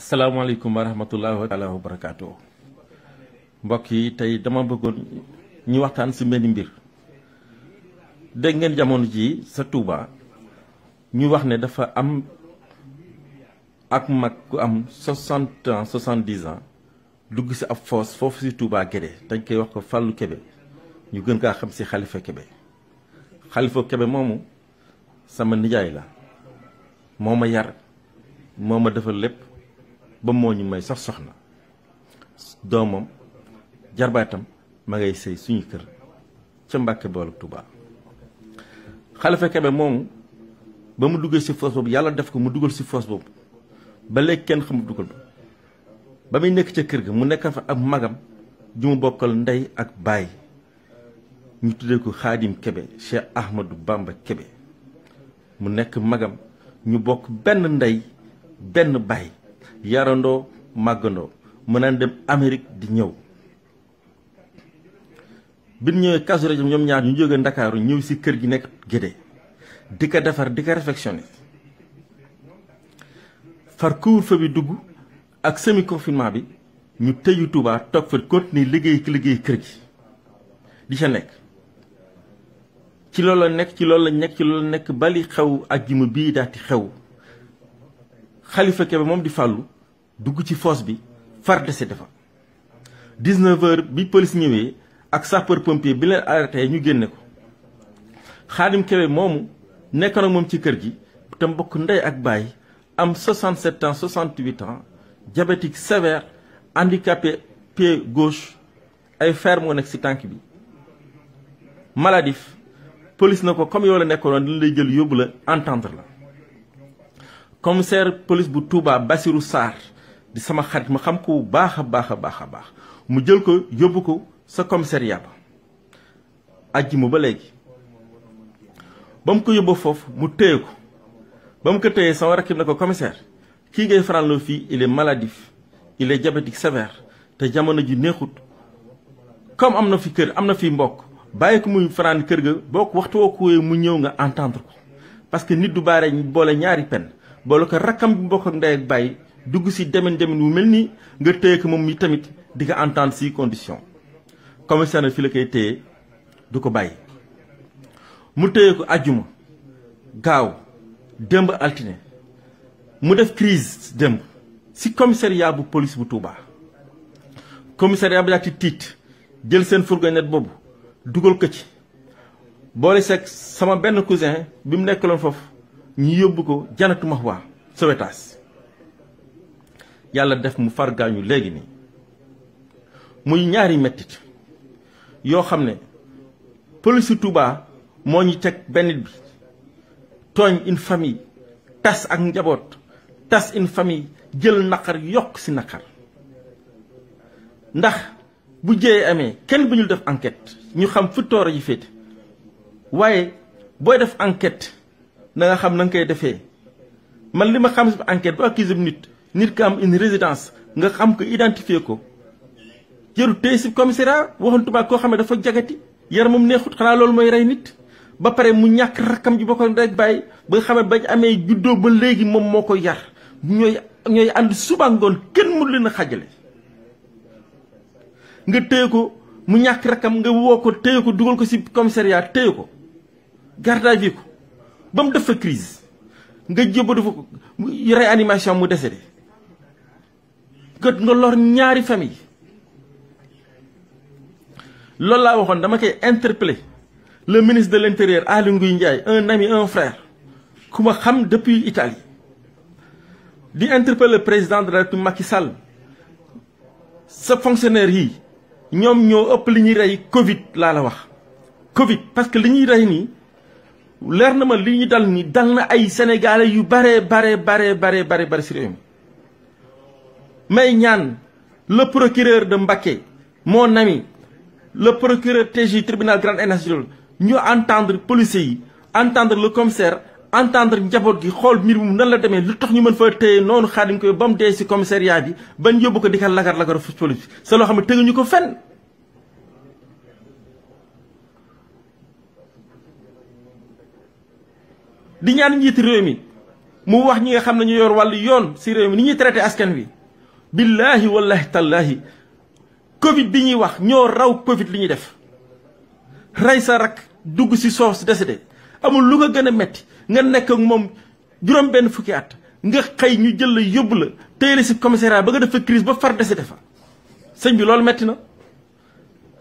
salaamaaleykum wa rahmatulah taala wa barakaatu mbokk yi tey dama bëggoon ñu waxtaan si benn mbir dégg ngeen jamono ji sa Touba ñu wax ne dafa am ak mag ku am soixante ans soixante dix ans dugg si ab foos foofu si Touba Guédé dañ koy wax ko Fallou Kébé ñu gën kaa xam si Khalifa Kébé Khalifa Kébé moomu sama nijaay la moo ma yar moo ma defal lépp. ba moo ñu may sax soxna doomam jarbaatam ma ngay sëy suñu kër ca Mbàkke boolu Tuubaa Xalifa Kebe ba mu duggee si foos yàlla def ko mu dugal si foos boobu ba léegi kenn ba muy nekk ca kër ga mu nekk fa ab magam ju mu bokkal ndey ak baay ñu tuddee ko Xaadim Kebe Cheikh Ahmadou Bamba Kebe mu nekk magam ñu bokk benn ndey benn baay yarandoo màggandoo mën naan dem amerig di ñëw bi ñu ñëwee Kazu Rajab ñoom ñaar ñu jógee Ndakaaru ñëw si kër gi nekk Guédé di ko defar di ko réfectionné far couvre-feu bi dugg ak sëmi confinement bi ñu tëju Touba toog fa continuer liggéey liggéey kër gi di sa nekk ci loolu la nekk ci loolu la nekk ci loolu la nekk bali xew ajjuma bii daati xew xalifa Kebe moom di fàllu dugg ci fosse bi far dese dafa 19h bi police ñëwee ak sapeur pompier bi leen arrêté ñu génne ko xaadim Kebe moomu nekk na moom ci kër gi te mbokk ndey ak baay am 67 ans 68 ans diabétique sévère handicapé pied gauche ay fer moo nekk si tànk bi maladif police na ko comme yow la nekkoon dañ lay jël yóbbu la entendre la commissaire police bu Touba Bassirou Sarr di sama xarit ma xam ko bu baax a baax a baax a baax mu jël ko yóbbu ko sa commissariat ba ajjuma ba léegi ba mu ko yóbbu foofu mu téye ko ba mu ko téyee sama rakib na ko commissaire kii ngay faral fii il est maladif il est diabétique te jamono ji neexut comme am na fi kër am na fi mbokk bàyyi ko muy fanaan kër ga boo ko waxtu woo ko mu ñëw nga entendre ko parce que nit du baare boole ñaari pen boole ko rakkam bi mbokk ak ndey ak bàyyi dugg si demin demin wu mel nii nga téye ko moom mi tamit di ko entendre si condition commissaire fi la koy téye du ko bàyyi mu téye ko ajjuma gaaw démb altine mu def crise démb si commissariat bu police bu Touba commissariat bi daal tiit jël seen fourgonnette boobu dugal ko ci boole seeg sama benn cousin bi mu loon foofu ñii yóbbu ko janatu wa waa Sowetaas yàlla def mu far gaañu léegi nii muy ñaari mettit yoo xam ne polisu Touba moo ñu teg benn bi tooñ une famille tas ak njaboot tas une famille jël naqar yokk ci naqar ndax bu jëyee amee kenn bu ñu def enquête ñu xam fu tooro yi féete waaye booy def enquête na nga xam na koy defee man li ma xam ci enquête bu accusé nit nit ki am une résidence nga xam ko identifier ko jëru tey si commissariat waxantumaa koo xam ne dafa jagati yar moom neexut xanaa loolu mooy rey nit ba pare mu ñàkk rakkam ji bokkoon rek bàyyi ba nga xam ne bañ amee juddoo ba léegi moom moo ko yar ñooy ñooy ànd suba ngoon kenn mënu leen a xajale nga téye ko mu ñàkk rakkam nga woo ko téye ko dugal ko si commissariat téye ko garde à ko ba mu def fa crise nga jébbadu fa ko réanimation mu décédé gët nga lor ñaari famille loolu laa waxoon dama koy interpellé le ministre de l' intérieur Aly Ngouille Ndiaye un ami un frère ku ma xam depuis Italie di interpellé le président de la République Macky Sall sa fonctionnaire yi ñoom ñoo ëpp li ñuy rey Covid laa la wax. Covid parce que li ñuy rey nii leer na ma li ñu dal nii dal na ay sénégalais yu bare bare bare bare bare bare si réew mi may ñaan le procureur de Mbacké mon ami le procureur TJ tribunal grande instance ñu entendre policier yi entendre le commissaire entendre njaboot gi xool mbir mu nan la demee lu tax ñu mën fa téye noonu xaadim koy ba mu dee si commissariat bi bañ yóbbu ko di ka lagar lagar fu police sa loo xam ne tëguñu ko fenn ñaan njiit réew mi mu wax ñi nga xam ne ñu yor wàllu yoon si réew mi ni ñuy traité askan wi billaahi wallaahi tallaahi covid bi ñuy wax ñoo raw covid li ñuy def rey sa rak dugg si soos décédé amul lu ko gën a metti nga nekk ak moom juróom benn fukki at nga xëy ñu jël la yóbbu la téye la si commissariat ba nga def fa crise ba far décédé fa sëñ bi loolu metti na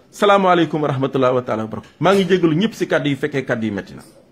salaamaaleykum wa rahmatullahi wa taala wa barakatu maa ngi jégalu ñëpp si kàddu yi fekkee kàddu yi metti na